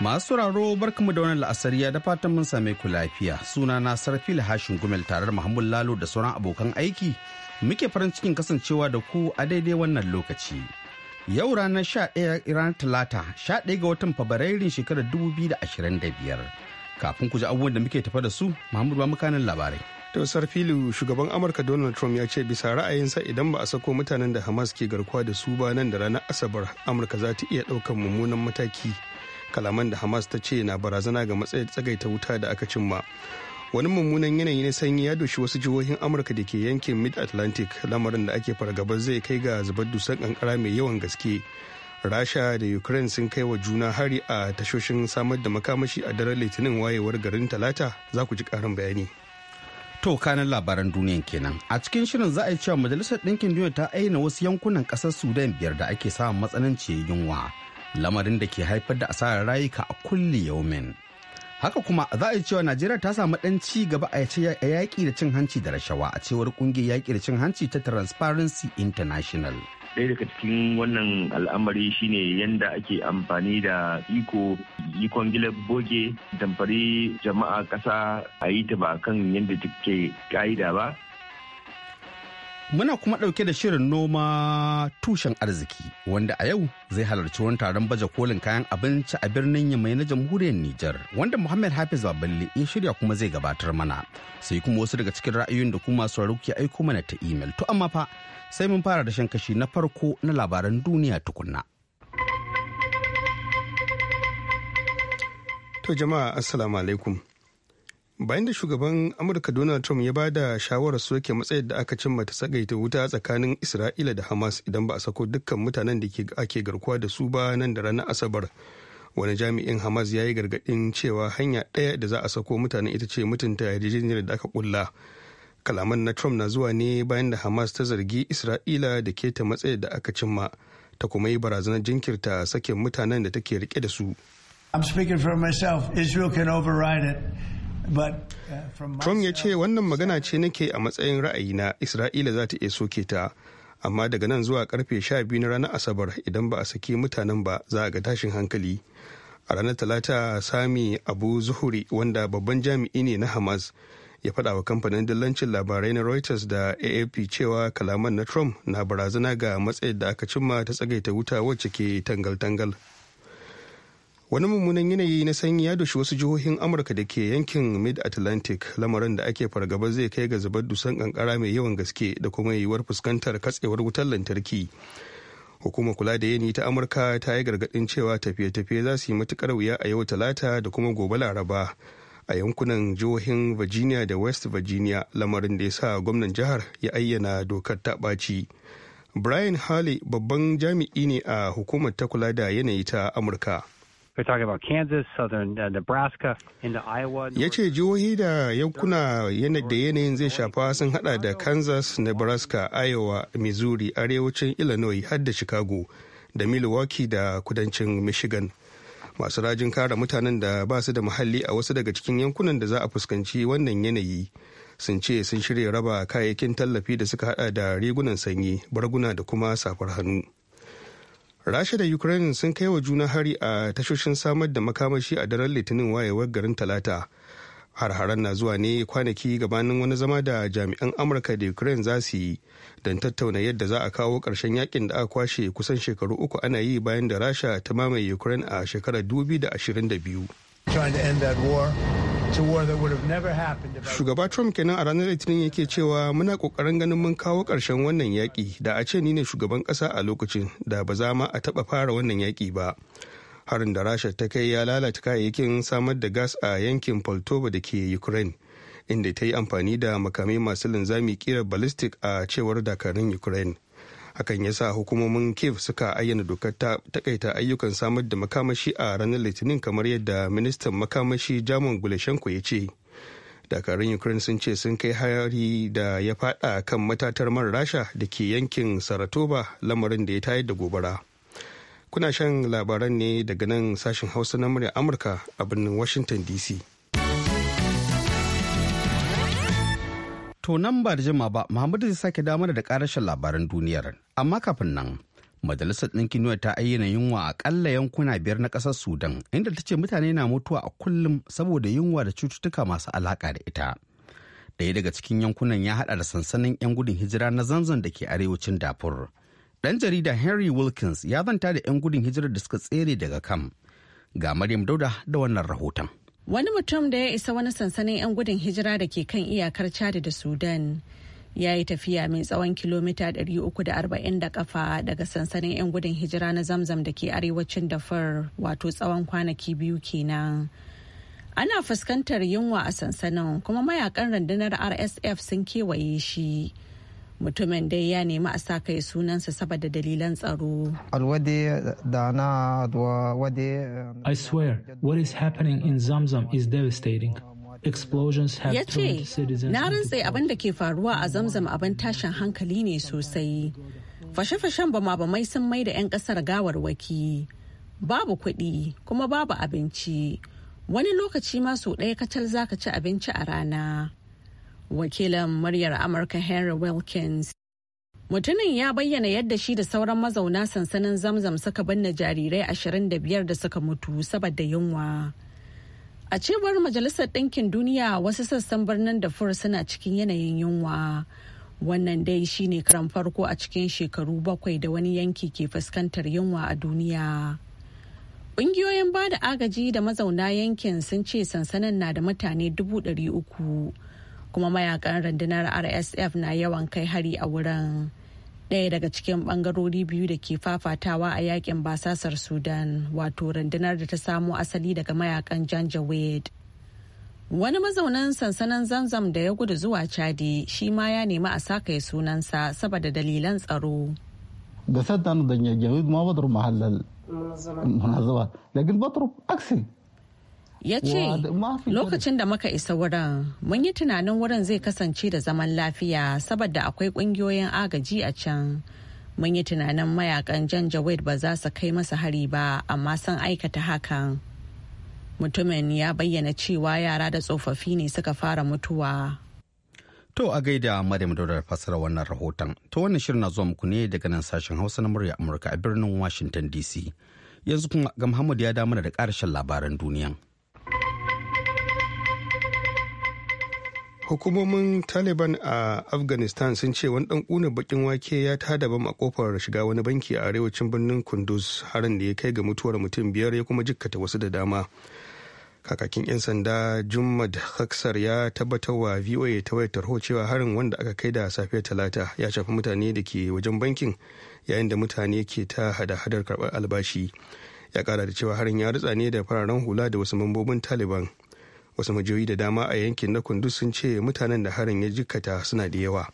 Masu sauraro barkamu da wannan la'asariya da fatan mun same ku lafiya. Suna na Sarfil Hashin Gumel tare da Muhammad Lalo da sauran abokan aiki. Muke farin cikin kasancewa da ku a daidai wannan lokaci. Yau ranar 11 ranar Talata sha ɗaya ga watan Fabrairun shekarar da da ashirin biyar. Kafin ku ji abubuwan da muke tafa da su, Muhammad ba mukanin labarai. To Sarfilu shugaban Amurka Donald Trump ya ce bisa ra'ayinsa idan ba a sako mutanen da Hamas ke garkuwa da su ba nan da ranar Asabar, Amurka za ta iya ɗaukar mummunan mataki. kalaman da hamas ta ce na barazana ga matsayin tsagaita wuta da aka cimma wani mummunan yanayi na sanyi ya doshi wasu jihohin amurka da ke yankin mid atlantic lamarin da ake fargabar zai kai ga zubar dusan kankara mai yawan gaske rasha da ukraine sun kai wa juna hari a tashoshin samar da makamashi a daren litinin wayewar garin talata za ku ji karin bayani to kanan labaran duniyan kenan a cikin shirin za a yi cewa majalisar ɗinkin duniya ta aina wasu yankunan ƙasar sudan biyar da ake samun matsananciyar yunwa lamarin da ke haifar da asarar rayuka a kulli yaumin haka kuma za a yi cewa najeriya ta samu dan ci gaba a yaƙi da cin hanci da rashawa a cewar kungiyar yaƙi da cin hanci ta transparency international ɗaya daga cikin wannan al'amari shine yadda ake amfani da iko ikon gila boge damfari jama'a ƙasa a yi ta ba kan yadda take ƙa'ida ba Muna kuma ɗauke da shirin noma tushen arziki wanda a yau zai halarci wani taron baje kolin kayan abinci a birnin Yamai na jamhuriyar Nijar wanda Muhammad Hafiz Baballe ya shirya kuma zai gabatar mana. Sai kuma wasu daga cikin ra'ayoyin da kuma sauraro ke aiko mana ta imel. To amma fa sai mun fara da shan kashi na farko na labaran duniya tukunna. To jama'a assalamu alaikum. bayan da shugaban amurka donald trump ya ba da shawarar soke matsayar da aka cimma ta tsagaita wuta tsakanin isra'ila da hamas idan ba a sako dukkan mutanen da ake garkuwa da su ba nan da ranar asabar wani jami'in hamas ya yi gargadin cewa hanya ɗaya da za a sako mutanen ita ce mutunta yarjejeniyar da aka kulla kalaman na trump na zuwa ne bayan da hamas ta zargi isra'ila da keta matsayar da aka cimma ta kuma yi barazanar jinkirta sakin mutanen da take rike da su I'm myself. Israel can override Uh, Trump ya ce wannan magana ce nake a matsayin ra'ayi na Isra'ila za ta iya soke ta. Amma daga nan zuwa karfe biyu na ranar Asabar idan ba a saki mutanen ba za a ga tashin hankali. A ranar Talata Sami Abu Zuhuri wanda babban jami'i ne na Hamas ya faɗa wa kamfanin dillancin labarai na Reuters da AFP cewa kalaman na Trump na barazana ga matsayin da aka cimma ta tsagaita wuta wacce ke tangal-tangal. wani mummunan yanayi na sanyi ya doshi wasu jihohin amurka da ke yankin mid-atlantic lamarin da ake fargaba zai kai ga zubar dusan kankara mai yawan gaske da kuma yiwuwar fuskantar katsewar wutar lantarki hukumar kula da yanayi ta amurka ta yi gargadin cewa tafiye-tafiye za su yi matukar wuya a yau talata da kuma gobe laraba a yankunan jihohin virginia da west virginia lamarin da ya sa gwamnan jihar ya ayyana dokar ta ɓaci brian harley babban jami'i ne a hukumar ta kula da yanayi ta amurka Uh, ya ce jihohi da yankuna da yanayin zai shafa sun hada da Kansas, Nebraska, Iowa, Missouri, arewacin Illinois har da Chicago da Milwaukee da kudancin Michigan. Masu rajin kare mutanen da ba su da muhalli a wasu daga cikin yankunan da za a fuskanci wannan yanayi sun ce sun shirya raba kayayyakin tallafi da suka hada da rigunan sanyi, barguna da kuma safar hannu. rasha da ukraine sun kai wa juna hari a tashoshin samar da makamashi a daren litinin wayewar garin talata har-haren na zuwa ne kwanaki gabanin wani zama da jami'an amurka da ukraine za su yi don tattauna yadda za a kawo ƙarshen yakin da aka kwashe kusan shekaru uku ana yi bayan da rasha ta mamaye ukraine a shekarar 2022 Shugaba Trump kenan a ranar Litinin yake cewa muna kokarin ganin mun kawo ƙarshen wannan yaƙi da a ce ni ne shugaban ƙasa a lokacin da ba za ma a taɓa fara wannan yaƙi ba. Harin da Rasha ta kai ya lalata kayayyakin samar da gas a yankin Poltova da ke Ukraine, inda ta yi amfani da makamai masu linzami kira ballistic a cewar dakarun Ukraine. hakan ya sa hukumomin kiev suka ayyana dokar takaita ayyukan samar da makamashi a ranar litinin kamar yadda ministan makamashi jaman guleshenko ya ce dakarun ukraine sun ce sun kai hari da ya fada kan matatar man rasha da ke yankin saratoba lamarin da ya tayar da gobara kuna shan labaran ne daga nan sashen hausa na murya amurka a birnin washington dc To nan ba da jima ba, Muhammadu zai sake damar da karashin labaran duniyar. Amma kafin nan, Majalisar Ɗinkin Duniya ta ayyana yunwa a ƙalla yankuna biyar na ƙasar Sudan, inda ta ce mutane na mutuwa a kullum saboda yunwa da cututtuka masu alaƙa da ita. Ɗaya daga cikin yankunan ya haɗa da sansanin 'yan gudun hijira na zanzan da ke arewacin Dafur. Ɗan jarida Henry Wilkins ya zanta da 'yan gudun hijirar da suka tsere daga kam. Ga Maryam Dauda da wannan rahoton. wani mutum da ya isa wani sansanin 'yan gudun hijira da ke kan iyakar chad da sudan ya yi tafiya mai tsawon kilomita 340 da kafa daga sansanin 'yan gudun hijira na zamzam da ke arewacin dafar wato tsawon kwanaki biyu kenan ana fuskantar yunwa a sansanin kuma mayakan rundunar rsf sun kewaye shi mutumin dai ya nemi a sa kai sunansa saboda dalilan tsaro. Eh, I swear, what is happening in Zamzam is devastating. Explosions ce turned Na rantse abin da ke faruwa a Zamzam abin tashin hankali ne sosai. Fashe-fashen ba mai sun mai da 'yan kasar waki Babu kuɗi kuma babu abinci. Wani lokaci ma sau ɗaya kacal zaka ci abinci a rana. wakilin muryar amurka henry wilkins mutumin ya bayyana yadda shi da sauran mazauna sansanin zamzam suka binne jarirai ashirin da biyar da suka mutu saboda yunwa a cewar majalisar ɗinkin duniya wasu sassan birnin da dafur suna cikin yanayin yunwa wannan dai shine karan farko a cikin shekaru bakwai da wani yanki ke fuskantar yunwa a duniya ƙungiyoyin ba da agaji da mazauna yankin sun ce sansanin na da mutane dubu ɗari uku kuma mayakan rundunar rsf na yawan kai hari a wurin ɗaya daga cikin ɓangarori biyu da ke fafatawa a yakin basasar sudan wato rundunar da ta samo asali daga mayakan janjaweed wani mazaunan sansanin zamzam da ya gudu zuwa chadi shi ma ya nemi a saka sunansa saboda dalilan tsaro da saddan da jawid ma badar mahallal munazaba da gilbatar aksin. ya ce lokacin da muka isa wurin mun yi tunanin wurin zai kasance da zaman lafiya saboda akwai kungiyoyin agaji a can mun yi tunanin mayakan janjaweed ba za su kai masa hari ba amma sun aikata hakan mutumin ya bayyana cewa yara da tsofaffi ne suka fara mutuwa To a gaida da Daular fasara wannan rahoton. ta wannan shirin na zuwa muku ne daga nan sashen Hausa na murya Amurka a birnin Washington DC. Yanzu kuma ga Muhammad ya damar da ƙarshen labaran duniya. hukumomin taliban a afghanistan sun ce wani dan kuna bakin wake ya tada bam a kofar shiga wani banki a arewacin birnin kunduz harin da ya kai ga mutuwar mutum biyar ya kuma jikkata wasu da dama kakakin 'yan sanda jummad haksar ya tabbatar wa voa ta wayar tarho cewa harin wanda aka kai da safiyar talata ya shafi mutane da ke wajen bankin yayin da mutane ke ta hada-hadar karbar albashi ya kara da cewa harin ya rutsa ne da fararen hula da wasu mambobin taliban wasu majiyoyi da dama a yankin na kundu sun ce mutanen da harin ya jikkata suna da yawa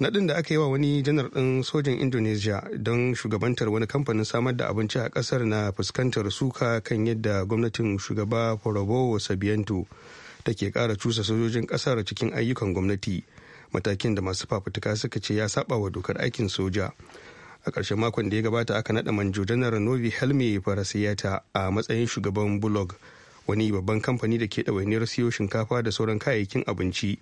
naɗin da aka yi wa wani janar ɗin sojan indonesia don shugabantar wani kamfanin samar da abinci a ƙasar na fuskantar suka kan yadda gwamnatin shugaba prabowo sabiyanto take ƙara cusa sojojin ƙasar cikin ayyukan gwamnati matakin da masu fafutuka suka ce ya saba wa dokar aikin soja a ƙarshen makon da ya gabata aka naɗa manjo janar novi helmi farasiyata a matsayin shugaban bulog wani babban kamfani da ke ɗawainiyar siyo shinkafa da sauran kayayyakin abinci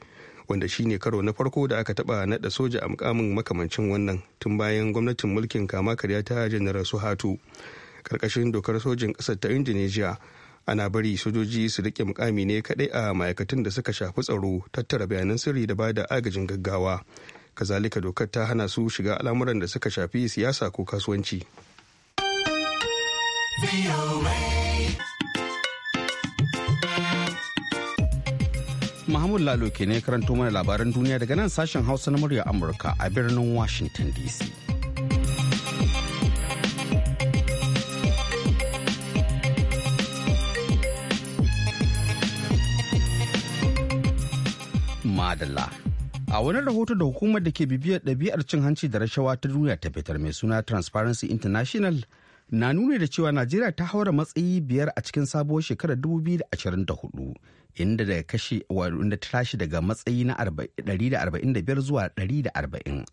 wanda shine karo na farko da aka taɓa naɗa soja a mukamin makamancin wannan tun bayan gwamnatin mulkin kama karya ta janar suhatu karkashin dokar sojin ƙasar ta indonesia ana bari sojoji su rike mukami ne kaɗai a ma'aikatan da suka shafi tsaro tattara bayanan sirri da bada agajin gaggawa kazalika dokar ta hana su shiga al'amuran da suka shafi siyasa ko kasuwanci. Mahmud Lalo ke ne karanto mana labaran duniya daga nan sashen Hausa na murya Amurka a birnin Washington DC. Madalla. A wani rahoto da hukumar da ke bibiyar ɗabi'ar cin hanci da rashawa ta duniya ta fitar mai suna Transparency International na nuna da cewa najeriya ta haura matsayi biyar a cikin sabuwar shekarar 2024 inda da kashe inda ta tashi daga matsayi na 145 zuwa 140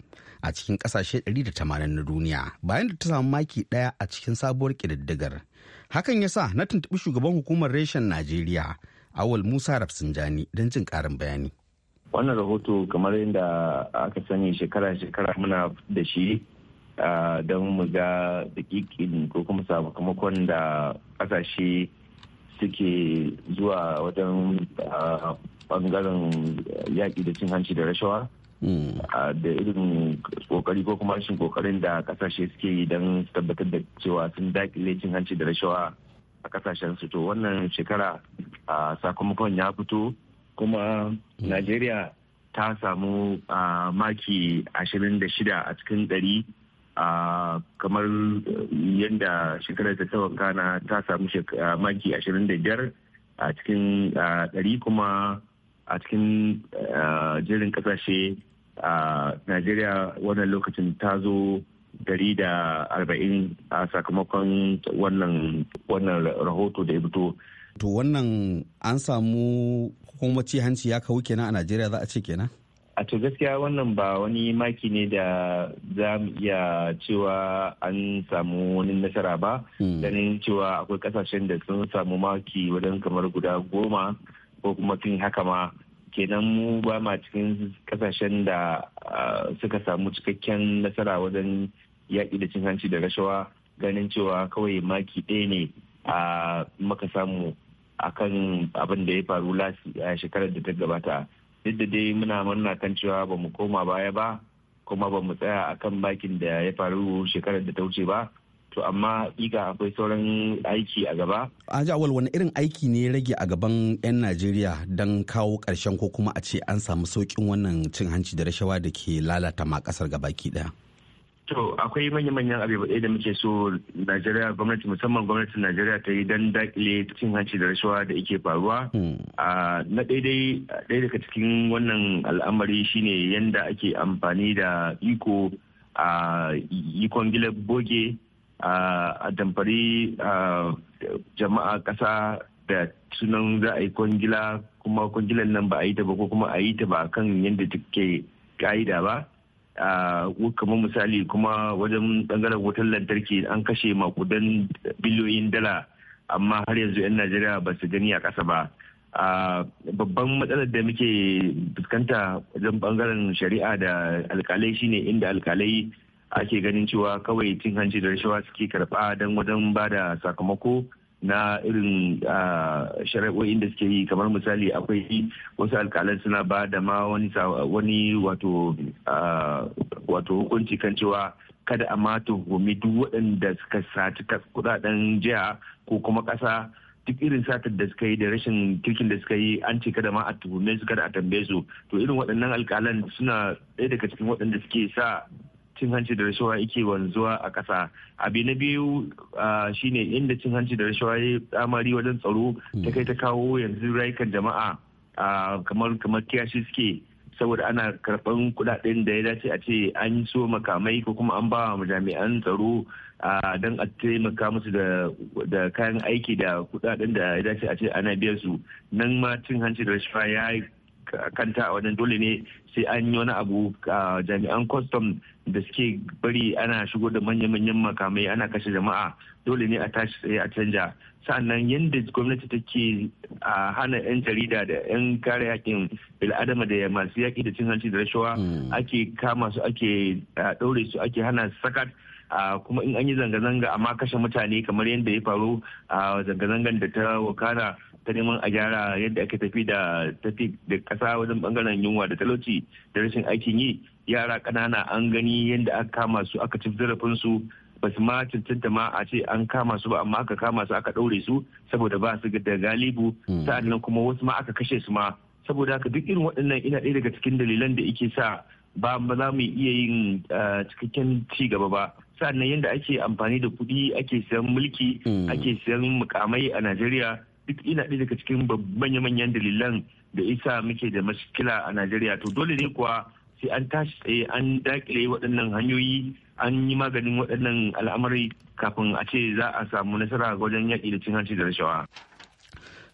a cikin kasashe 180 na duniya bayan da ta samu maki daya a cikin sabuwar kididdigar hakan ya sa na tuntuɓi shugaban hukumar reshen najeriya awal musa rafsanjani don jin karin bayani wannan rahoto kamar yadda aka sani shekara-shekara muna da shi don mu ga dakikin ko kuma sakamakon da kasashe suke zuwa wajen bangaren yaƙi da cin hanci da rashawa hmm. da irin kokari ko kuma rashin kokarin da kasashe suke yi don tabbatar da cewa sun dakile cin hanci da rashawa a kasashen su to wannan shekara sakamakon ya fito kuma hmm. najeriya ta samu maki 26 a cikin 100 kamar eh, yadda shekarar ta ta kana ta samu maki 25 a cikin ɗari kuma a cikin eh, jirin ƙasashe a najeriya wannan lokacin ta zo dari da arba'in a sakamakon wannan rahoto da ya fito. To wannan an samu hukumar hanci ya kawo kenan a Najeriya za a ce kenan? a to gaskiya wannan ba wani maki ne da za mu iya cewa an samu wani nasara ba hmm. ganin cewa akwai kasashen da sun samu maki wajen kamar guda goma ko kuma fin haka ma kenan mu ba ma cikin kasashen da suka samu cikakken nasara wajen yaƙi da cin hanci da rashawa ganin cewa kawai maki ɗaya ne a maka samu akan abin da ya faru a shekarar da ta gabata duk da dai muna murna kan cewa ba mu koma baya ba kuma ba mu tsaya akan bakin da ya faru shekarar da ta wuce ba to amma ƙiƙa akwai sauran aiki a gaba. Aji awal wani irin aiki ne ya rage a gaban 'yan Najeriya don kawo ƙarshen ko kuma a ce an samu sauƙin wannan cin hanci da rashawa da ke lalata ma ƙasar gabaki ɗaya. To akwai manya-manyan ɗaya da muke so Najeriya gwamnati musamman gwamnatin Najeriya ta yi don dakile cin hanci da rashawa da ke faruwa. Hmm. Na daidai ɗaya daga cikin wannan al'amari shine yanda ake amfani da iko a ikon gila boge a damfari jama'a ƙasa da sunan za a yi kwangila kuma kwangilan nan ba a yi ta ba ko kuma a yi ta ba kan yadda take ƙa'ida ba. kamar misali kuma wajen bangaren wutar lantarki an kashe makudan biliyoyin dala amma har yanzu 'yan najeriya ba su gani a ƙasa ba babban matsalar da muke fuskanta wajen bangaren shari'a da alkalai shine inda alkalai ake ganin cewa kawai cin hanci da rashawa suke karɓa don wajen ba da sakamako na irin shari'o'in da suke yi kamar misali akwai wasu alkalan suna ba da ma wani wato hukunci kan cewa kada a ma tuhumi duk waɗanda suka sati kudaden jiya ko kuma ƙasa duk irin satar da suka yi da rashin kirkin da suka yi an ce kada ma a tuhume su kada a tambaye su to irin waɗannan alkalan suna ɗaya daga cikin waɗanda suke sa cin hanci da rashawa yake wanzuwa a ƙasa abu na biyu shine inda cin hanci da rashawa ya tsamari wajen tsaro ta kai ta kawo yanzu rayukan jama'a kamar kamar kiyashi suke saboda ana karɓan kuɗaɗen da ya dace a ce an so makamai ko kuma an ba jami'an tsaro don a taimaka musu da kayan aiki da kuɗaɗen da ya dace a ce ana biyan su nan ma cin hanci da rashawa ya kanta a wajen dole ne sai an yi wani abu jami'an kwastam da suke bari ana shigo da manya-manyan makamai ana kashe jama'a dole ne a tashi tsaye a canja sa'annan yadda gwamnati take a hana 'yan jarida da 'yan kare yakin bil'adama da masu yaƙi da cin hanci da rashawa hmm. ake kama su ake ɗaure su ake hana sakat Uh, kuma in an yi zanga-zanga amma kashe mutane kamar yadda ya faru a zanga-zangan da ta wakana ta neman a gyara yadda ake tafi da tafi da kasa wajen bangaren yunwa da talauci da rashin aikin yi yara kanana an gani yadda aka kama su aka ci zarafin su ba su ma cancanta ma a ce an kama su ba amma aka kama su aka daure su saboda ba su da galibu hmm. sa'annan kuma wasu ma aka kashe su ma saboda haka duk irin waɗannan ina ɗaya daga cikin dalilan da ike sa ba za mu iya yin eh, cikakken ci gaba ba sa'annan yadda ake amfani da kuɗi ake siyan mulki hmm. ake siyan mukamai a najeriya duk ina ɗaya daga cikin manya manyan dalilan da isa muke da mashikila a najeriya to dole ne kuwa sai an tashi tsaye an dakile waɗannan hanyoyi an yi maganin waɗannan al'amari kafin a ce za a samu nasara wajen yaƙi da cin hanci da rashawa.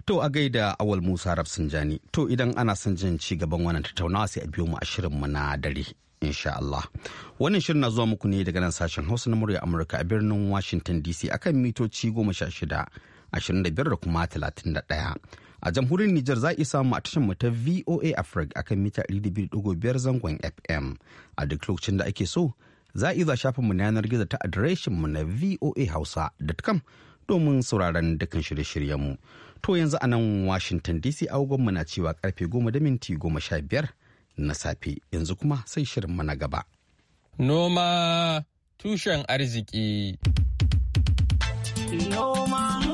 To a gaida awal Musa Rafsanjani, to idan ana son jin ci gaban wannan tattaunawa sai a biyo mu a shirin mu na dare. insha Allah. Wannan shirin na zuwa muku ne daga nan sashen Hausa na murya Amurka a birnin Washington DC akan mitoci goma sha shida 25 da kuma 31. A jamhuriyar Nijar za a samu a tashar mu ta VOA Africa akan mita 200.5 zangon FM. A duk lokacin da ake so, za a iza shafin mu na yanar gizo ta adireshin mu na voahausa.com domin sauraron dukkan shirye shiryen mu To yanzu a nan Washington DC agogon mu na cewa karfe 10 da minti 15 na safe yanzu kuma sai shirin mu na gaba. Noma tushen arziki. Noma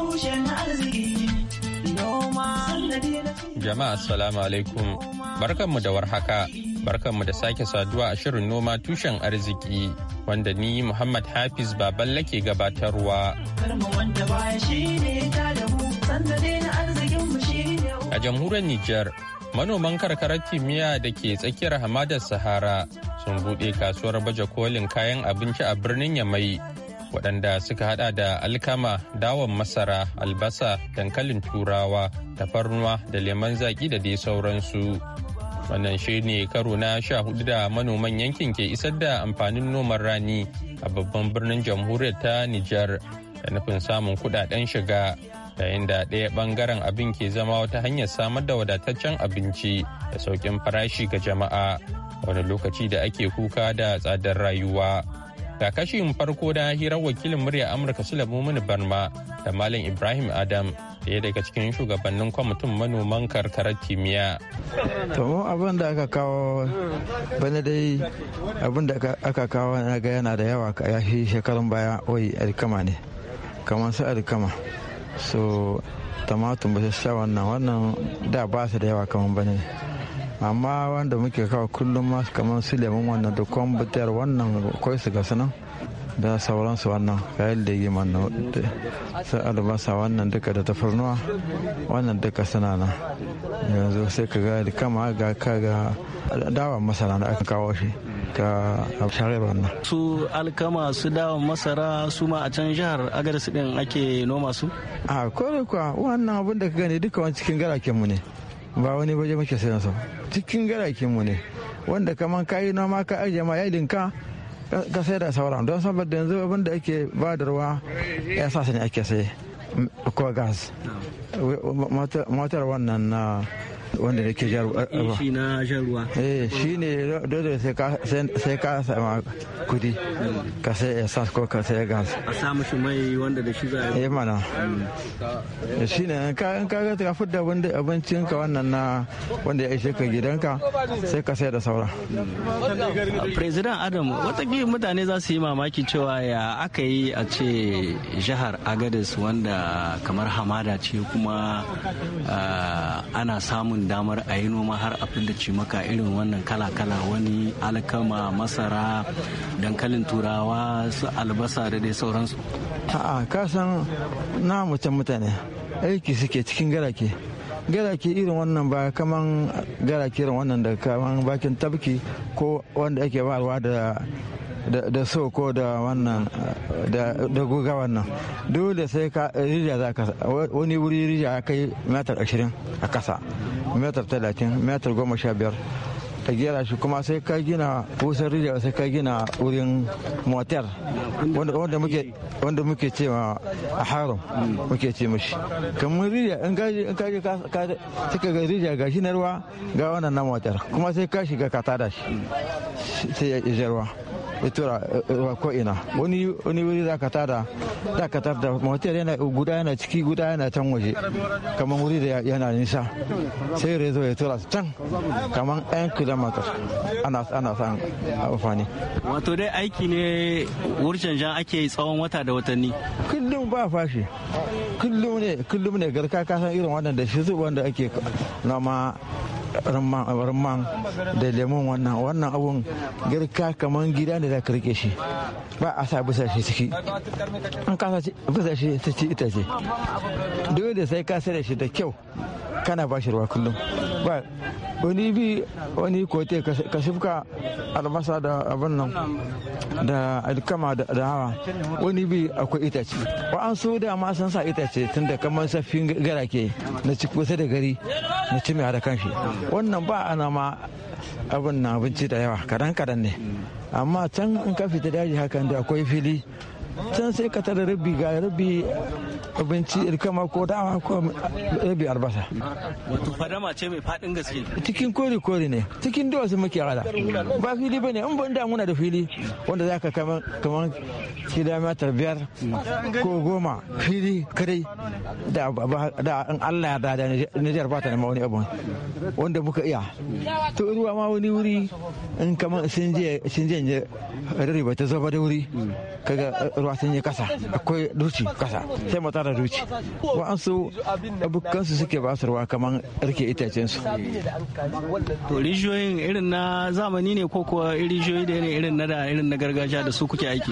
Jama'a Assalamu alaikum barkanmu da warhaka barkanmu da sake saduwa a shirin noma tushen arziki wanda ni Muhammad Hafiz baban lake gabatarwa. A jamhuriyar Nijar manoman karkarar kimiyya da ke tsakiyar hamadar Sahara sun buɗe kasuwar baje kolin kayan abinci a birnin Yamai waɗanda suka hada da alkama dawon masara albasa dankalin turawa tafarnuwa da lemon zaƙi da dai sauransu wannan shi ne karo na sha hudu da manoman yankin ke isar da amfanin noman rani a babban birnin jamhuriyar ta nijar da nufin samun kudaden shiga yayin da ɗaya ɓangaren abin ke zama wata hanyar samar da wadataccen abinci da sauƙin farashi ga jama'a wani lokaci da ake kuka da tsadar rayuwa kashi kashin farko da hirar wakilin murya Amurka sule Mini Barma da Malam Ibrahim Adam daya daga cikin shugabannin kwamitin manoman karkarar kimiyya. To abin da aka kawo bane dai abin da aka kawo na ga yana da yawa ya fi shekarun baya wai alkama ne kamar su alkama so tamatun ba su sha wannan wannan da ba su da yawa kamar bane amma wanda muke kawo kullum ma kamar su lemun wannan da kwambutar wannan akwai su ga sunan da sauransu wannan kayan yi wannan su albasa wannan duka da tafarnuwa wannan duka suna nan yanzu sai ka ga kama ga ka ga dawa masara da aka kawo shi ta sharar wannan su alkama su dawa masara su ma a can jihar agadis din ake noma su a kore kuwa wannan abin da ka gani duka wani cikin gara mu ne ba wani waje muke sayan su cikin garakin mu ne wanda kaman kayi noma ka ajiye ma yadin ka ka sai da sauran don saboda yanzu abin da ake badarwa ya sa sani ake sai ko gas motar wannan na wanda da ke jaruwa eh, shi na jaruwa eh shi ne dole sai ka sama kudi ka sai essence ko ka sai gas a samu shi mai wanda da shi za a yi eh, mana hmm. shi ne ka ga ka fudda abincin ka wannan na wanda ya ishe ka gidanka sai ka sai da saura president adam watakila mutane za su yi mamaki cewa ya aka yi a ce jihar agadis wanda kamar hamada ce kuma ah, ana samun samun damar a yi noma har a da cimaka irin wannan kala-kala wani alkama masara dankalin turawa su albasa da dai sauransu a'a kasan na mutan mutane aiki suke cikin garake ke irin wannan ba kaman ke irin wannan da kaman bakin tabki ko wanda ake barwa da da so ko da wannan da guga wannan dole sai ka rija za ka wani wuri rija ya kai metar ashirin a kasa metar talatin metar goma ka gera shi kuma sai ka gina kusan rijiya sai ka gina wurin motar wanda muke ce ma a harin muke ce mashi kamar rijiya in gaji in kaji suka ga rijiya ga shi na ruwa ga wannan na motar kuma sai ka shiga ka tada shi sai ya ruwa ya eh, tura eh, eh, ko ina wani wani wuri za tada zaka tada motel yana guda yana ciki guda yana can waje kamar wuri da yana nisa sai rezo ya tura can kamar ɗan kilomita ana ana san amfani wato dai aiki ne wurcen jan ake tsawon wata da watanni kullum ba fashi kullum ne kullum ne garka kasan irin wannan da shi wanda ake noma rumman da lemon wannan wannan abun girka kamar gida da ka rike shi ba a sa bisa shi ciki an kasa bisa shi ta ci ita ce dole sai ka sai da shi da kyau kana ba shi ruwa kullum ba wani bi wani kote ka shifka albasa da abin nan da alkama da hawa wani bi akwai itace wa'ansu da ma san sa itace tun da kamar safin ke na ci kusa da gari na ci da shi wannan ba ana ma abin na abinci da yawa kadan kadan ne amma can in ka fita daji hakan da akwai fili can sai ka tara rabi ga rabi abinci rikama ko dama ko rabi albasa wato fadama ce mai fadin gaske cikin kori kori ne cikin su muke ala ba fili bane in ban damuna da fili wanda za ka kaman kaman kilomita biyar ko goma fili kadai da in Allah ya da da Nijar ba ta nema wani abu wanda muka iya to ruwa ma wani wuri in kaman sun je sun je ba ta zaba da wuri kaga ruwa ruwa sun yi kasa akwai ruci kasa sai mu tara ruci wa'ansu abokansu suke ba su ruwa kamar rike su to rijiyoyin irin na zamani ne ko kuwa rijiyoyi da ne irin na da irin na gargajiya da su kuke aiki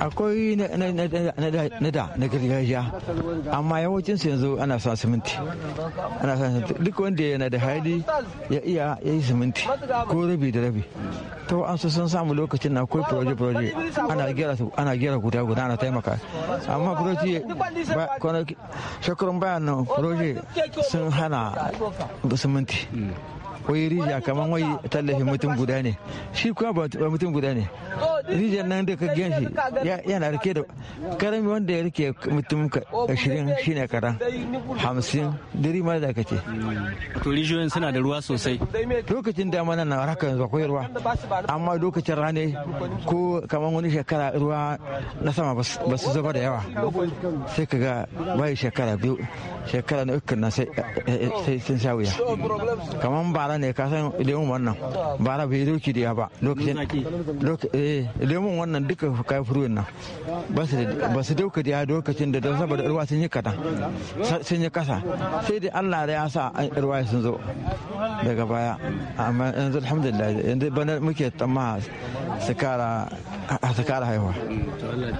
akwai na da na gargajiya amma yawancin su yanzu ana sa siminti ana sa siminti duk wanda yana da hali ya iya ya yi siminti ko rabi da rabi to an sun samu lokacin na akwai proje proje ana gyara guda ya gudana taimaka amma furoji shekarun bayan nan furoji sun hana siminti wai rijiya kamar wai tallafin mutum guda ne shi kuma ba mutum guda ne rijiyar nan da ka gan shi yana rike da karami wanda ya rike mutum ashirin shi ne karan hamsin diri ma da ka ce to rijiyoyin suna da ruwa sosai lokacin da damana na haka yanzu akwai ruwa amma lokacin rani ko kamar wani shekara ruwa na sama ba su zuba da yawa sai ka ga bai shekara biyu shekara na uku na eh, eh, sai sun sha wuya kamar ba bara ne ka san lemun wannan bara bai doki da ba lokacin lemun eh, wannan duka kai furu nan ba su dauka da lokacin da don saboda ruwa sun yi kadan sun yi kasa sai da allah da ya sa ruwa sun zo daga baya amma yanzu alhamdulillah yanzu bana muke tamma a kara haihuwa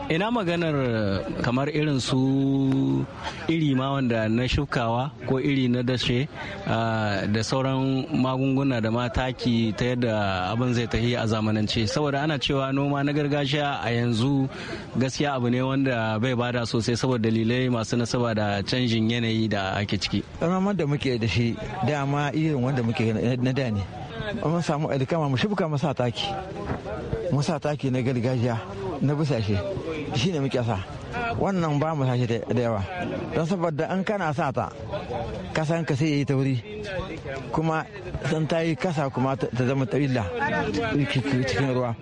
ina maganar kamar irin su iri ma wanda na shukawa ko iri na dashe ah, da sauran magunguna da ma taki ta yadda abin zai tafi a zamanance saboda ana cewa noma na gargajiya a yanzu gaskiya abu ne wanda bai bada sosai saboda dalilai masu nasaba da canjin yanayi da ake ciki da muke da shi dama irin wanda muke na da ne mun samu alikama mu shibka masa taki musa ta taki na gargajiya na busashe ne muke sa wannan ba mu sashi da yawa don saboda an kana sa ta kasan ka sai yi wuri kuma san ta yi kasa kuma ta zama ta illa cikin ruwa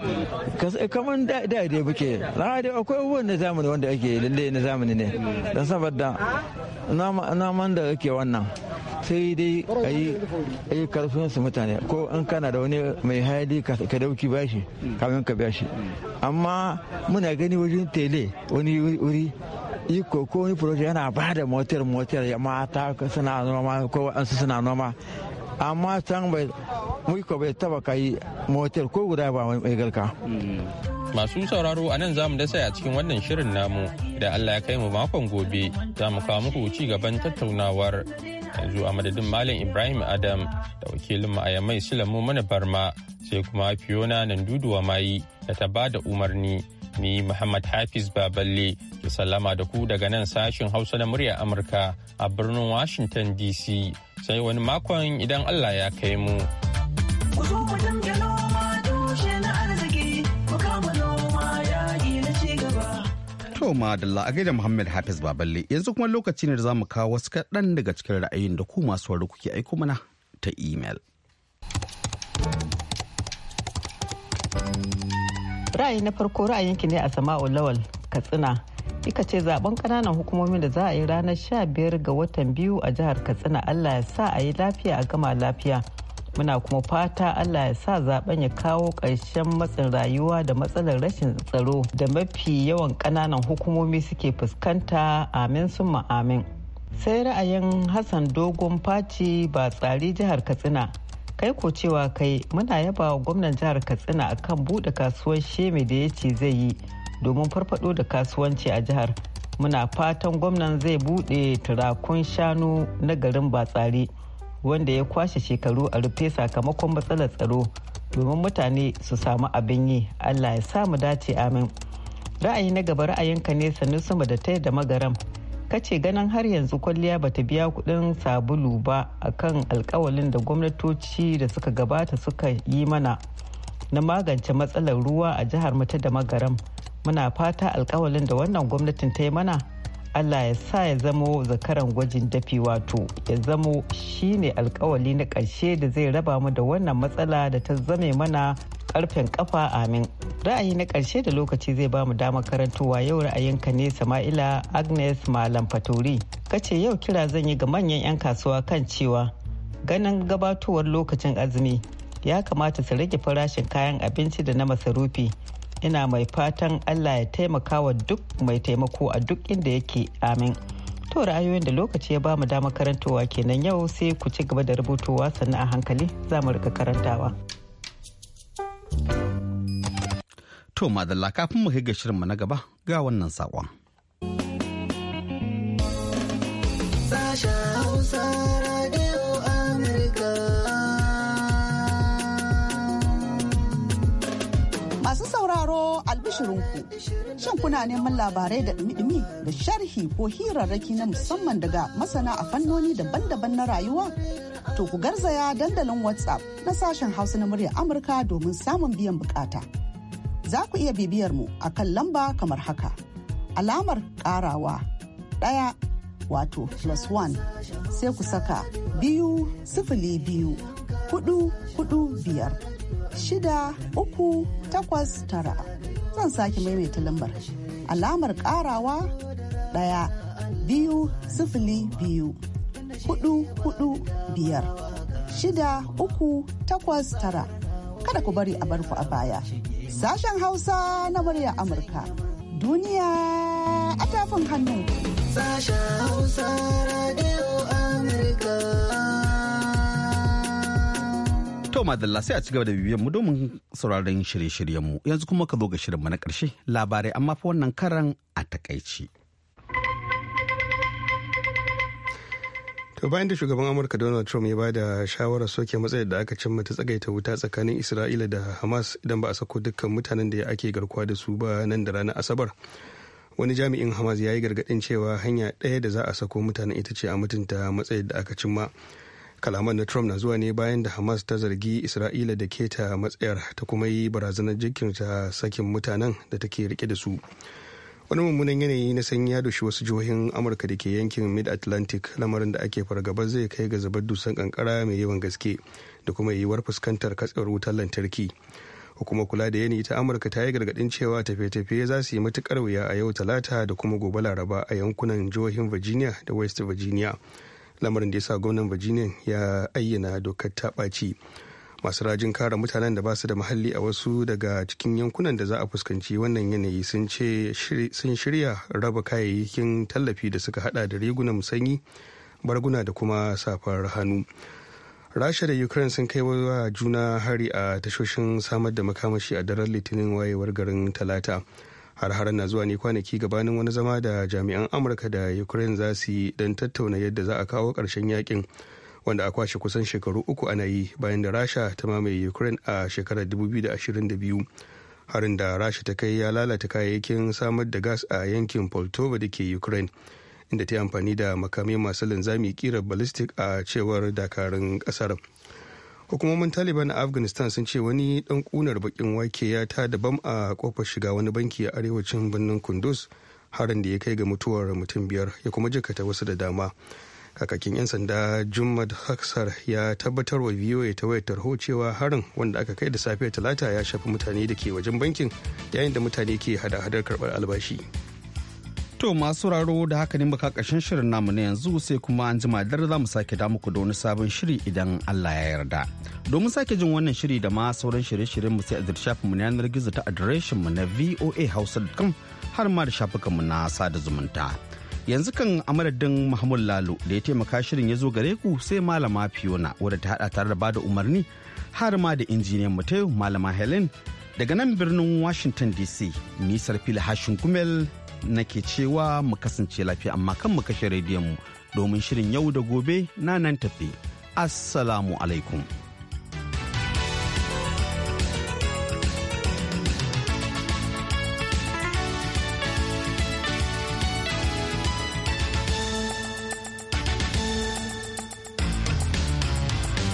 kamar da buke muke na da akwai abubuwan na zamani wanda ake lalle na zamani ne don saboda naman da ake wannan sai dai a yi karfin su mutane ko in kana da wani mai hali ka dauki bashi kamin ka bashi amma muna gani wajen tele wani wuri iko ko wani yana ba da motar motar ya mata suna noma ko wa'ansu suna noma amma can bai muiko bai taba kai motar ko guda ba mai galka masu sauraro a nan zamu dasa a cikin wannan shirin namu da Allah ya kai mu makon gobe za mu kawo muku ci gaban tattaunawar yanzu a madadin malam ibrahim adam da wakilin ma'ayamai silamu mana barma sai kuma fiona nan duduwa mayi da ta ba da umarni ni muhammad hafiz baballe da sallama da ku daga nan sashin hausa na murya amurka a birnin washington dc sai wani makon idan Allah ya kai mu. To madalla a gaida Muhammad Hafiz Baballe yanzu kuma lokaci ne da za mu kawo wasu kaɗan daga cikin ra'ayin da ku masu wari kuke aiko mana ta email. Ra'ayi na farko ra'ayinki ne a Sama'u Lawal Katsina Ika ce zaben kananan hukumomin da za a yi ranar 15 ga watan biyu a jihar Katsina Allah ya sa a yi lafiya a gama lafiya. Muna kuma fata Allah ya sa zaben ya kawo ƙarshen matsin rayuwa da matsalar rashin tsaro da mafi yawan kananan hukumomi suke fuskanta amin summa amin. Sai ra'ayin Hassan Dogon Faci ba tsari jihar Katsina kai ko cewa kai muna yaba gwamnan jihar Katsina akan buɗe kasuwar sheme da ya ce zai yi. domin farfado da kasuwanci a jihar muna fatan gwamnan zai bude turakun shanu na garin batsari wanda ya kwashe shekaru a rufe sakamakon matsalar tsaro domin mutane su samu abin yi allah ya samu dace amin ra'ayi na gaba ra'ayinka ne sannu sama da ta da magaram kace ganin har yanzu kwalliya bata biya kudin sabulu ba akan alkawalin da gwamnatoci da suka gabata suka yi mana na magance matsalar ruwa a jihar mata da magaram muna fata alkawalin da wannan gwamnatin ta yi mana allah ya sa ya zamo zakaran gwajin dafi wato ya zamo shine alkawali na ƙarshe da zai raba mu da wannan matsala da ta zame mana karfen kafa amin ra'ayi na ƙarshe da lokaci zai ba mu damar karantowa yau ra'ayinka ne sama'ila agnes malam fatori kace yau kira zan yi ga manyan 'yan kasuwa kan cewa ganin gabatowar lokacin azumi ya kamata su rage farashin kayan abinci da na masarufi ina mai fatan allah ya taimaka wa duk mai taimako a duk inda yake amin to ra'ayoyin da lokaci ya ba mu dama karantowa kenan yau sai ku ci gaba da rubutowa sannan a hankali za mu rika karantawa to madalla kafin mu kai ga mu na gaba ga wannan saƙon. shirinku shin kuna neman labarai da ɗumi-ɗumi da sharhi ko hirarraki na musamman daga masana a fannoni daban-daban na rayuwa to ku garzaya dandalin whatsapp na sashen hausa na muryar amurka domin samun biyan bukata za ku iya bibiyar mu a kan lamba kamar haka alamar karawa ɗaya wato plus one sai ku saka biyu sifili biyu hudu hudu biyar shida uku takwas tara zan sake maimaita lambar alamar karawa ɗaya biyu sifili biyu hudu hudu biyar shida uku takwas tara kada ku bari a barku a baya sashen hausa na murya amurka duniya a tafin hannu sashen hausa radio amurka To madalla sai a ci da bibiyan mu domin sauraron shirye-shiryen mu. Yanzu kuma ka zo ga shirin mu na ƙarshe labarai amma fa wannan karan a takaici. bayan da shugaban Amurka Donald Trump ya bada shawarar soke matsayar da aka cimma ta tsagaita wuta tsakanin Isra'ila da Hamas idan ba a sako dukkan mutanen da ake garkuwa da su ba nan da ranar Asabar. Wani jami'in Hamas ya yi gargadin cewa hanya ɗaya da za a sako mutanen ita ce a mutunta matsayar da aka cimma. kalaman na trump na zuwa ne bayan da hamas ta zargi isra'ila da keta matsayar ta kuma yi barazanar jinkirta sakin mutanen da take rike da su wani mummunan yanayi na sanyi ya doshi wasu jihohin amurka da ke yankin mid atlantic lamarin da ake fargaba zai kai ga zubar dusan kankara mai yawan gaske da kuma yiwuwar fuskantar katsewar wutar lantarki hukumar kula da yanayi ta amurka ta yi gargadin cewa tafiye-tafiye za su yi matukar wuya a yau talata da kuma gobe laraba a yankunan jihohin virginia da west virginia lamarin da ya sa gwamnan virginia ya ayyana dokar ta ɓaci masu rajin kare mutanen da ba su da muhalli a wasu daga cikin yankunan da za a fuskanci wannan yanayi sun shirya raba kayayyakin tallafi da suka hada da rigunan sanyi barguna da kuma safar hannu rasha da ukraine sun kai wa juna hari a tashoshin samar da makamashi a daren litinin wayewar garin talata har har na zuwa ne kwanaki gabanin wani zama da jami'an amurka da ukraine za su yi don tattauna yadda za a kawo ƙarshen yakin wanda a kwashe kusan shekaru uku ana yi bayan da rasha ta mamaye ukraine a shekarar 2022 harin da rasha ta kai ya lalata kayayyakin samar da gas a yankin poltova da ke ukraine inda ta yi amfani da makamai masu linzami kirar ballistic a cewar dakarun kasar hukumomin taliban a afghanistan sun ce wani dan kunar bakin wake ya ta dabam a kofar shiga wani banki a arewacin birnin kunduz harin da ya kai ga mutuwar mutum biyar ya kuma jikata wasu da dama kakakin 'yan sanda jummad haksar ya tabbatar wa voa ta wayar tarho cewa harin wanda aka kai da safiyar talata ya shafi mutane da ke wajen bankin yayin da mutane ke hada-hadar karbar albashi To masu raro da haka ne muka ƙarshen shirin namu na yanzu sai kuma an jima dare za mu sake da muku da wani sabon shiri idan Allah ya yarda. Domin sake jin wannan shiri da ma sauran shirye-shiryen mu sai a shafin mu na yanar gizo ta adireshin mu na voahouse.com har ma da shafukan mu na sada zumunta. Yanzu kan a madadin Mahmud Lalo da ya taimaka shirin ya zo gare ku sai malama Fiona wadda ta hada tare da bada umarni har ma da injiniyan mu malama Helen daga nan birnin Washington DC. Nisar fili hashin kumel nake cewa mu kasance lafiya amma kan mu kashe rediyon mu domin shirin yau da gobe na nan tafi assalamu alaikum